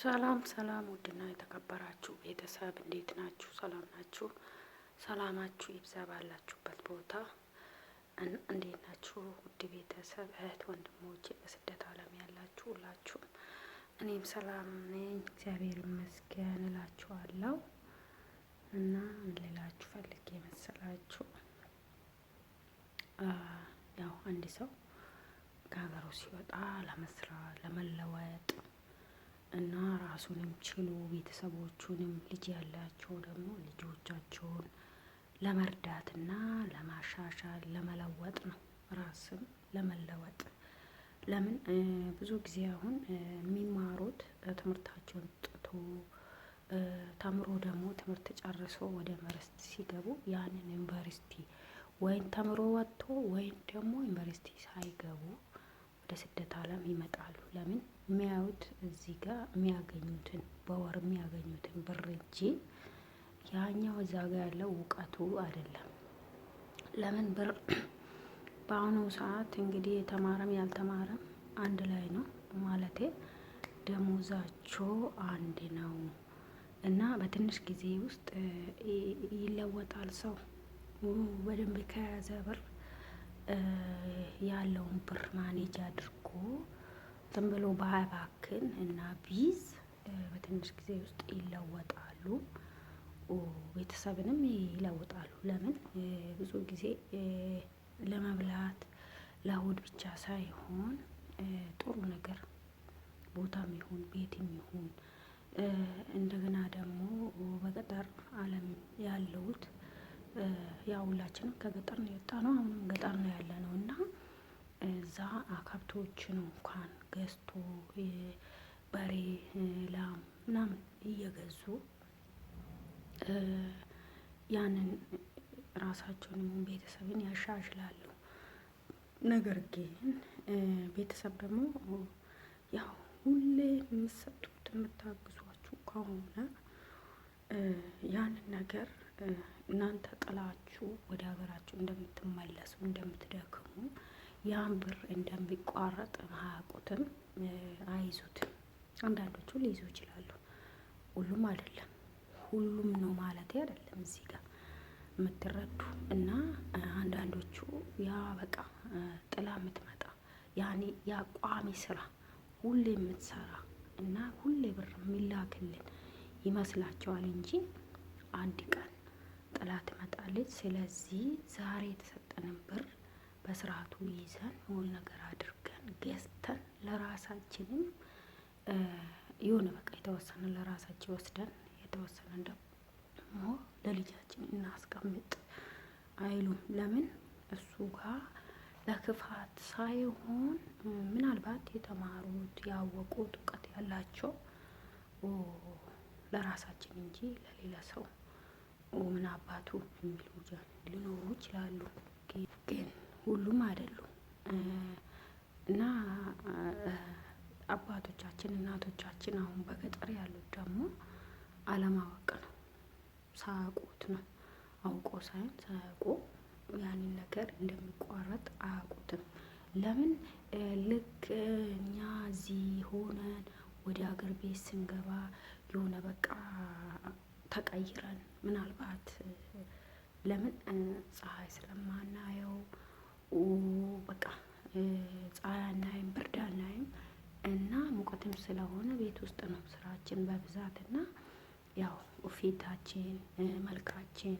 ሰላም ሰላም፣ ውድና የተከበራችሁ ቤተሰብ እንዴት ናችሁ? ሰላም ናችሁ? ሰላማችሁ ይብዛ ባላችሁበት ቦታ። እንዴት ናችሁ? ውድ ቤተሰብ እህት ወንድሞቼ፣ በስደት ዓለም ያላችሁ ሁላችሁም እኔም ሰላም ነኝ እግዚአብሔር ይመስገን እላችኋለሁ። እና እንልላችሁ ፈልጌ የመሰላችሁ ያው አንድ ሰው ከሀገሩ ሲወጣ ለመስራት ለመለወጥ እና ራሱንም ችሎ ቤተሰቦቹንም ልጅ ያላቸው ደግሞ ልጆቻቸውን ለመርዳትና ለማሻሻል ለመለወጥ ነው። ራስም ለመለወጥ ለምን ብዙ ጊዜ አሁን የሚማሩት ትምህርታቸውን ጥቶ ተምሮ ደግሞ ትምህርት ጨርሶ ወደ ዩኒቨርሲቲ ሲገቡ ያንን ዩኒቨርሲቲ ወይም ተምሮ ወጥቶ ወይም ደግሞ ዩኒቨርሲቲ ሳይገቡ ወደ ስደት ዓለም ይመጣሉ። ለምን የሚያዩት እዚህ ጋር የሚያገኙትን በወር የሚያገኙትን ብር እንጂ ያኛው እዛ ጋር ያለው እውቀቱ አይደለም። ለምን ብር በአሁኑ ሰዓት እንግዲህ የተማረም ያልተማረም አንድ ላይ ነው ማለቴ ደሞዛቸው አንድ ነው እና በትንሽ ጊዜ ውስጥ ይለወጣል። ሰው በደንብ ከያዘ ብር ያለውን ብር ማኔጅ አድርጎ ዝም ብሎ ባያባክን እና ቢዝ በትንሽ ጊዜ ውስጥ ይለወጣሉ፣ ቤተሰብንም ይለውጣሉ። ለምን ብዙ ጊዜ ለመብላት ለሆድ ብቻ ሳይሆን ጥሩ ነገር ቦታም ይሁን ቤትም ይሁን እንደገና ደግሞ በገጠር ዓለም ያለውት ያው ሁላችንም ከገጠር ነው የወጣ ነው፣ አሁንም ገጠር ነው ያለ ነው እና እዛ ከብቶችን እንኳን ገዝቶ በሬ፣ ላም ምናምን እየገዙ ያንን ራሳቸውን ቤተሰብን ያሻሽላሉ። ነገር ግን ቤተሰብ ደግሞ ያው ሁሌ የምትሰጡት የምታግዟችሁ ከሆነ ያንን ነገር እናንተ ጥላችሁ ወደ ሀገራችሁ እንደምትመለሱ እንደምትደክሙ ያን ብር እንደሚቋረጥ አያውቁትም፣ አይዙትም። አንዳንዶቹ ሊይዙ ይችላሉ። ሁሉም አይደለም፣ ሁሉም ነው ማለት አይደለም። እዚህ ጋር የምትረዱ እና አንዳንዶቹ ያ በቃ ጥላ የምትመጣ ያኔ ያ ቋሚ ስራ ሁሌ የምትሰራ እና ሁሌ ብር የሚላክልን ይመስላቸዋል እንጂ አንድ ቀን ጥላ ትመጣለች። ስለዚህ ዛሬ የተሰጠንን ብር በስርዓቱ ይዘን ሁሉ ነገር አድርገን ገዝተን ለራሳችንም የሆነ በቃ የተወሰነ ለራሳችን ወስደን የተወሰነ ደግሞ ለልጃችን እናስቀምጥ አይሉም። ለምን እሱ ጋር ለክፋት ሳይሆን ምናልባት የተማሩት ያወቁት እውቀት ያላቸው ለራሳችን እንጂ ለሌላ ሰው ምን አባቱ የሚል ውጃ ሊኖሩ ይችላሉ፣ ግን ሁሉም አይደሉም እና አባቶቻችን እናቶቻችን አሁን በገጠር ያሉት ደግሞ አለማወቅ ነው፣ ሳያውቁት ነው። አውቆ ሳይሆን ሳያውቁ ያንን ነገር እንደሚቋረጥ አያውቁትም። ለምን ልክ እኛ እዚህ ሆነን ወደ ሀገር ቤት ስንገባ የሆነ በቃ ተቀይረን ምናልባት ለምን ፀሐይ ስለማናየው በቃ ፀሐይ አናይም፣ ብርድ አናይም እና ሙቀትም ስለሆነ ቤት ውስጥ ነው ስራችን በብዛት እና ያው ፊታችን፣ መልካችን፣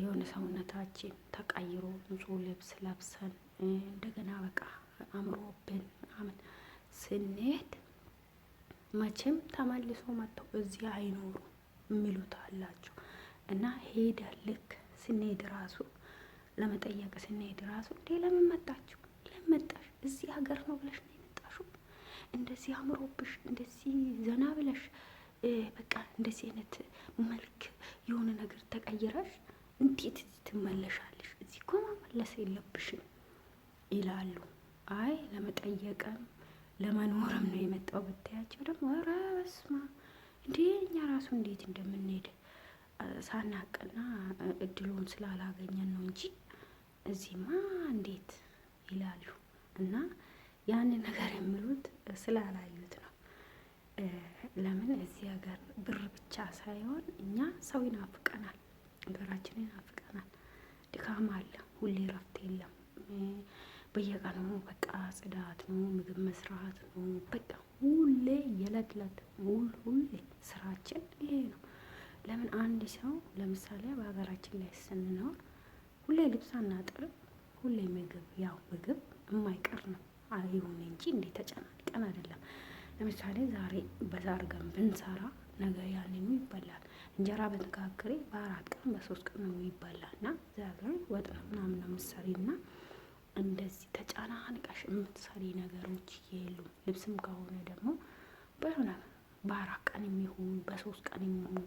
የሆነ ሰውነታችን ተቀይሮ ንጹህ ልብስ ለብሰን እንደገና በቃ አምሮብን ምናምን ስንሄድ መቼም ተመልሶ መጥቶ እዚህ አይኖሩም። የሚሉት አላችሁ እና ሄደ ልክ ስንሄድ ራሱ ለመጠየቅ ስንሄድ ራሱ እንዴ ለምን መጣችሁ? ለምን መጣሽ? እዚህ ሀገር ነው ብለሽ ነው የመጣሽው? እንደዚህ አምሮብሽ እንደዚህ ዘና ብለሽ በቃ እንደዚህ አይነት መልክ የሆነ ነገር ተቀይረሽ እንዴት እዚህ ትመለሻለሽ? እዚህ እኮ መመለስ የለብሽም ይላሉ። አይ ለመጠየቅም ለመኖርም ነው የመጣው ብታያቸው ደግሞ ኧረ በስመ አብ እንዴ እኛ ራሱ እንዴት እንደምንሄድ ሳናቅና እድሉን ስላላገኘን ነው እንጂ እዚህማ እንዴት ይላሉ። እና ያንን ነገር የሚሉት ስላላዩት ነው። ለምን እዚህ ሀገር ብር ብቻ ሳይሆን እኛ ሰው ይናፍቀናል፣ ሀገራችን ይናፍቀናል። ድካም አለ፣ ሁሌ ረፍት የለም። በየቀኑ በቃ ጽዳት ነው፣ ምግብ መስራት ነው፣ በቃ ሁሌ የለትለት ዕለት ሁሌ ስራችን ይሄ ነው። ለምን አንድ ሰው ለምሳሌ በሀገራችን ላይ ስንኖር ሁሌ ልብስ አናጥርም፣ ሁሌ ምግብ ያው ምግብ የማይቀር ነው ይሁን እንጂ እንዴ ተጨናንቀን አይደለም። ለምሳሌ ዛሬ በዛር ገን ብንሰራ ነገ ያንኑ ይበላል። እንጀራ በተጋግሬ በአራት ቀን በሶስት ቀን ነው ይበላል እና ዛሬ ወጥ ምናምን ነው የምትሰሪና እንደዚህ ተጨናንቀሽ የምትሰሪ ነገሮች የሉም። ልብስም ከሆነ ደግሞ በሆነ በአራት ቀን የሚሆን በሶስት ቀን የሚሆን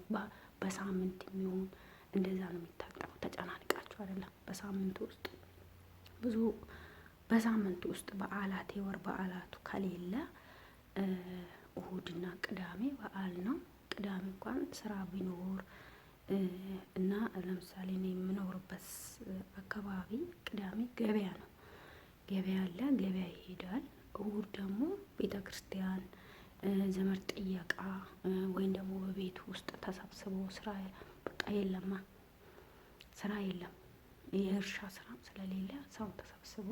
በሳምንት የሚሆን እንደዛ ነው የሚታጠበው። ተጨናንቃችሁ አይደለም። በሳምንት ውስጥ ብዙ በሳምንት ውስጥ በዓላት የወር በዓላቱ ከሌለ እሁድና ቅዳሜ በዓል ነው። ቅዳሜ እንኳን ስራ ቢኖር እና ለምሳሌ እኔ የምኖርበት አካባቢ ቅዳሜ ገበያ ነው። ገበያ አለ፣ ገበያ ይሄዳል። እሁድ ደግሞ ቤተ ክርስቲያን ዘመድ ጥየቃ ወይም ደግሞ በቤት ውስጥ ተሰብስቦ ስራ በቃ የለማ ስራ የለም። የእርሻ ስራ ስለሌለ ሰው ተሰብስቦ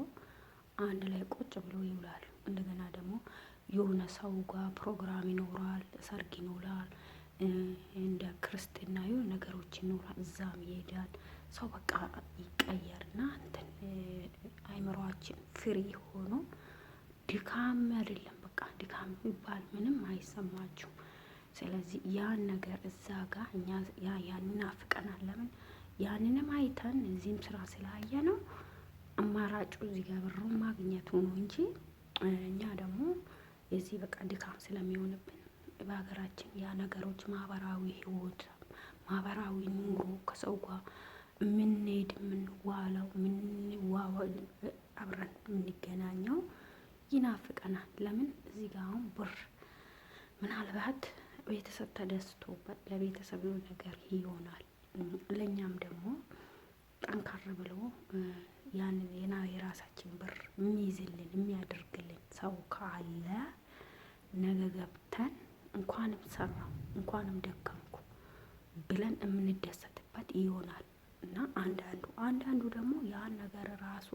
አንድ ላይ ቁጭ ብሎ ይውላል። እንደገና ደግሞ የሆነ ሰው ጋር ፕሮግራም ይኖራል፣ ሰርግ ይኖራል፣ እንደ ክርስትና ነገሮች ይኖራል። እዛም ይሄዳል ሰው በቃ ይቀየርና እንትን አይምሯችን ፍሪ ሆኖ ድካም አይደለም በቃ ድካም ይባል ምንም አይሰማችሁም። ስለዚህ ያን ነገር እዛ ጋር እኛ ያንን አፍቀናል። ለምን ያንንም አይተን እዚህም ስራ ስላየ ነው አማራጩ እዚህ ጋር ብሩን ማግኘቱ ነው እንጂ እኛ ደግሞ የዚህ በቃ ድካም ስለሚሆንብን በሀገራችን ያ ነገሮች ማህበራዊ ህይወት፣ ማህበራዊ ኑሮ ከሰው ጋር የምንሄድ የምንዋለው ምንዋወል አብረን የምንገናኘው ይናፍቀናል። ለምን እዚህ ጋ አሁን ብር ምናልባት ቤተሰብ ተደስቶበት ለቤተሰብ ነገር ይሆናል። ለእኛም ደግሞ ጠንከር ብሎ ያንን የራሳችን ብር የሚይዝልን የሚያደርግልን ሰው ካለ ነገ ገብተን እንኳንም ሰራሁ እንኳንም ደከምኩ ብለን የምንደሰትበት ይሆናል እና አንዳንዱ አንዳንዱ ደግሞ ያን ነገር ራሱ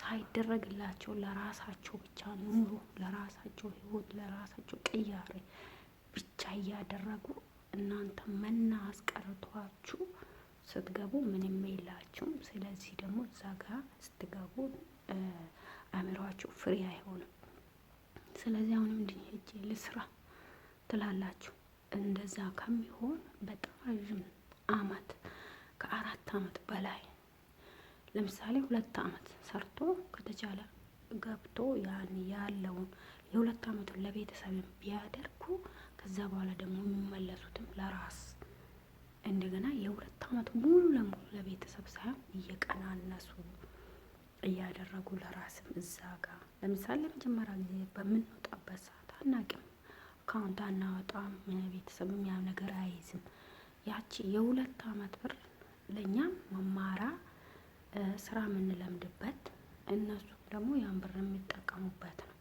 ሳይደረግላቸው ለራሳቸው ብቻ ኑሮ፣ ለራሳቸው ህይወት፣ ለራሳቸው ቅያሬ ብቻ እያደረጉ እናንተ መና አስቀርቷችሁ ስትገቡ ምንም የላችሁም። ስለዚህ ደግሞ እዛ ጋ ስትገቡ አእምሯችሁ ፍሬ አይሆንም። ስለዚህ አሁንም እንዲህ ሄጄ ልስራ ትላላችሁ። እንደዛ ከሚሆን በጣም ረዥም አመት ከአራት አመት በላይ ለምሳሌ ሁለት አመት ሰርቶ ከተቻለ ገብቶ ያን ያለውን የሁለት አመቱን ለቤተሰብ ቢያደርጉ ከዛ በኋላ ደግሞ የሚመለሱትም ለራስ እንደገና የሁለት አመት ሙሉ ለሙሉ ለቤተሰብ ሳይሆን እየቀናነሱ እያደረጉ ለራስም እዛ ጋር ለምሳሌ መጀመሪያ ጊዜ በምንወጣበት ሰዓት አናውቅም። አካውንት አናወጣም፣ ቤተሰብም ያ ነገር አይይዝም። ያቺ የሁለት አመት ብር ለእኛም መማራ ስራ የምንለምድበት እነሱ ደግሞ ያን ብር የሚጠቀሙበት ነው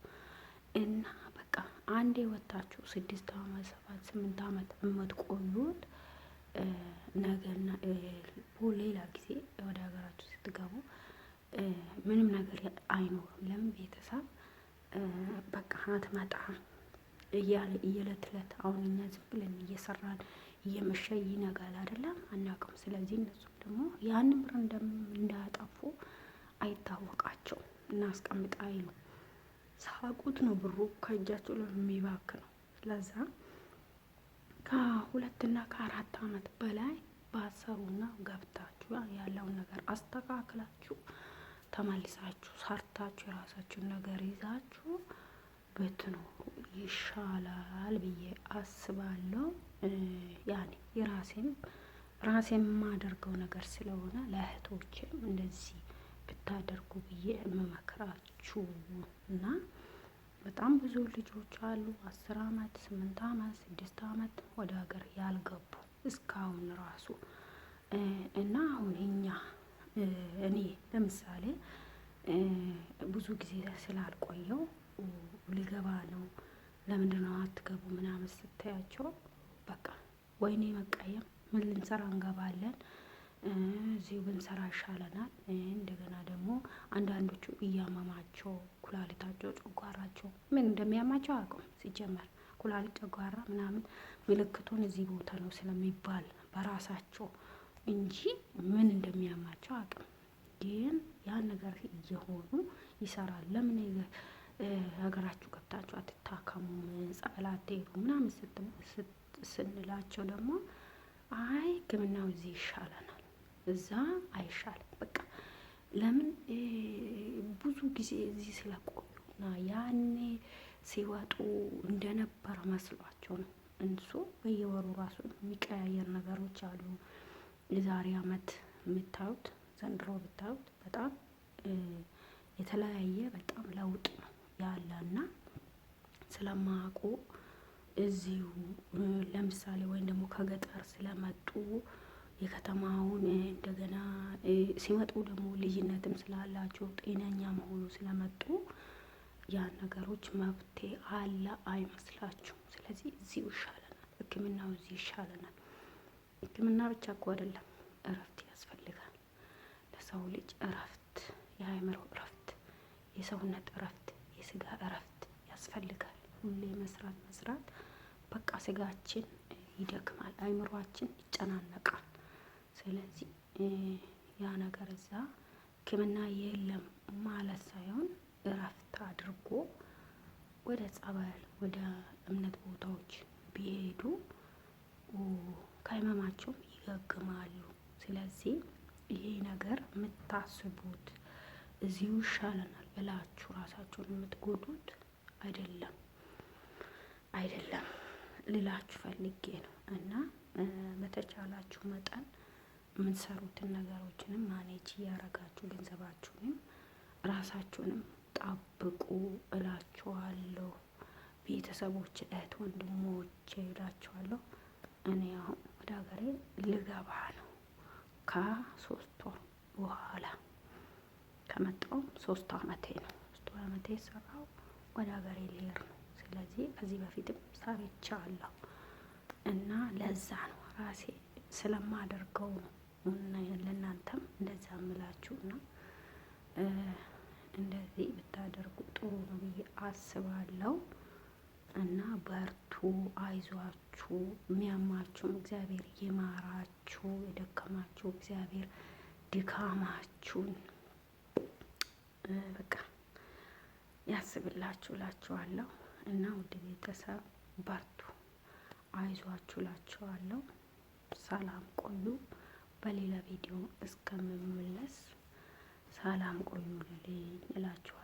እና በቃ አንዴ ወታችሁ ስድስት አመት ሰባት ስምንት አመት የምትቆዩት ነገና ሌላ ጊዜ ወደ ሀገራችሁ ስትገቡ ምንም ነገር አይኖርም። ለምን ቤተሰብ በቃ አትመጣም። እያለ እየለት ለት አሁን እኛ ዝም ብለን እየሰራን እየመሸ ይነጋል አይደለም አናውቅም። ስለዚህ እነሱም ደግሞ ያን ብር እንዳያጠፉ አይታወቃቸው እና አስቀምጣ ሳቁት ነው ብሩ ከእጃቸው ለሚባክ ነው። ስለዛ ከሁለትና ከአራት አመት በላይ ባሰሩና ገብታችሁ ያለውን ነገር አስተካክላችሁ ተመልሳችሁ ሰርታችሁ የራሳችሁን ነገር ይዛችሁ ብትኖሩ ይሻላል ብዬ አስባለሁ። ያኔ የራሴም ራሴም የማደርገው ነገር ስለሆነ ለእህቶችም እንደዚህ ብታደርጉ ብዬ የምመክራችሁ እና በጣም ብዙ ልጆች አሉ አስር አመት ስምንት አመት ስድስት አመት ወደ ሀገር ያልገቡ እስካሁን ራሱ እና አሁን እኛ እኔ ለምሳሌ ብዙ ጊዜ ስላልቆየው ሊገባ ነው ለምንድነው አትገቡ ምናምን ስታያቸው በቃ ወይኔ መቀየም ምን ልንሰራ እንገባለን እዚሁ ብንሰራ ይሻለናል። እንደገና ደግሞ አንዳንዶቹ እያመማቸው ኩላሊታቸው፣ ጨጓራቸው ምን እንደሚያማቸው አያውቁም። ሲጀመር ኩላሊት፣ ጨጓራ ምናምን ምልክቱን እዚህ ቦታ ነው ስለሚባል በራሳቸው እንጂ ምን እንደሚያማቸው አቅም ግን ያን ነገር እየሆኑ ይሰራል። ለምን ሀገራችሁ ገብታችሁ አትታከሙ፣ ጸበል አትሄዱ ምናምን ስንላቸው ደግሞ አይ ሕክምናው እዚህ ይሻለናል፣ እዛ አይሻልም። በቃ ለምን ብዙ ጊዜ እዚህ ስለቆዩና ያኔ ሲወጡ እንደነበረ መስሏቸው ነው። እንሱ በየወሩ ራሱ የሚቀያየር ነገሮች አሉ። የዛሬ አመት የምታዩት ዘንድሮ ብታዩት በጣም የተለያየ በጣም ለውጥ ነው። ያለና ስለማያውቁ እዚሁ ለምሳሌ ወይም ደግሞ ከገጠር ስለመጡ የከተማውን እንደገና ሲመጡ ደግሞ ልዩነትም ስላላቸው ጤነኛ መሆኑ ስለመጡ ያን ነገሮች መፍትሄ አለ አይመስላችሁም? ስለዚህ እዚሁ ይሻለናል፣ ሕክምናው እዚህ ይሻለናል። ሕክምና ብቻ እኮ አይደለም፣ እረፍት ያስፈልጋል ለሰው ልጅ እረፍት፣ የአእምሮ እረፍት፣ የሰውነት እረፍት የስጋ እረፍት ያስፈልጋል። ሁሌ መስራት መስራት በቃ ስጋችን ይደክማል፣ አይምሯችን ይጨናነቃል። ስለዚህ ያ ነገር እዛ ሕክምና የለም ማለት ሳይሆን እረፍት አድርጎ ወደ ጸበል፣ ወደ እምነት ቦታዎች ቢሄዱ ከህመማቸውም ይገግማሉ። ስለዚህ ይሄ ነገር የምታስቡት እዚሁ ይሻለናል ብላችሁ ራሳችሁን የምትጎዱት አይደለም አይደለም ልላችሁ ፈልጌ ነው። እና በተቻላችሁ መጠን የምትሰሩትን ነገሮችንም ማኔጅ እያረጋችሁ ገንዘባችሁንም ራሳችሁንም ጠብቁ እላችኋለሁ። ቤተሰቦች፣ እህት ወንድሞች እላችኋለሁ። እኔ አሁን ወደ ሀገሬ ልገባ ነው ከሶስት ወር በኋላ ከመጣው ሶስት አመቴ ነው። ሶስት አመቴ ሰራው ወደ ሀገሬ ልሄድ ነው። ስለዚህ ከዚህ በፊትም ሰርቻለሁ እና ለዛ ነው ራሴ ስለማደርገው ነው ለእናንተም እንደዛ ምላችሁ እና እንደዚህ ብታደርጉ ጥሩ ነው ብዬ አስባለሁ እና በርቱ፣ አይዟችሁ። የሚያማችሁም እግዚአብሔር ይማራችሁ፣ የደከማችሁ እግዚአብሔር ድካማችሁን በቃ ያስብላችሁ ላችኋለሁ እና ውድ ቤተሰብ በርቱ፣ አይዟችሁ ላችኋለሁ። ሰላም ቆዩ። በሌላ ቪዲዮ እስከምመለስ ሰላም ቆዩልኝ እላችኋለሁ።